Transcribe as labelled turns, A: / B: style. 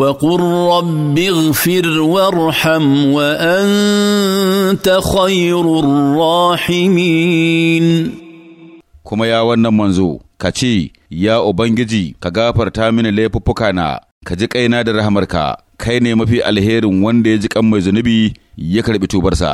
A: وقل رب اغفر وارحم وأنت
B: خير الراحمين kuma ya wannan manzo ka ce ya ubangiji ka gafarta mini na ka ji kaina da rahamarka kai ne mafi alherin wanda ya ji kan mai zunubi ya karɓi
C: tubarsa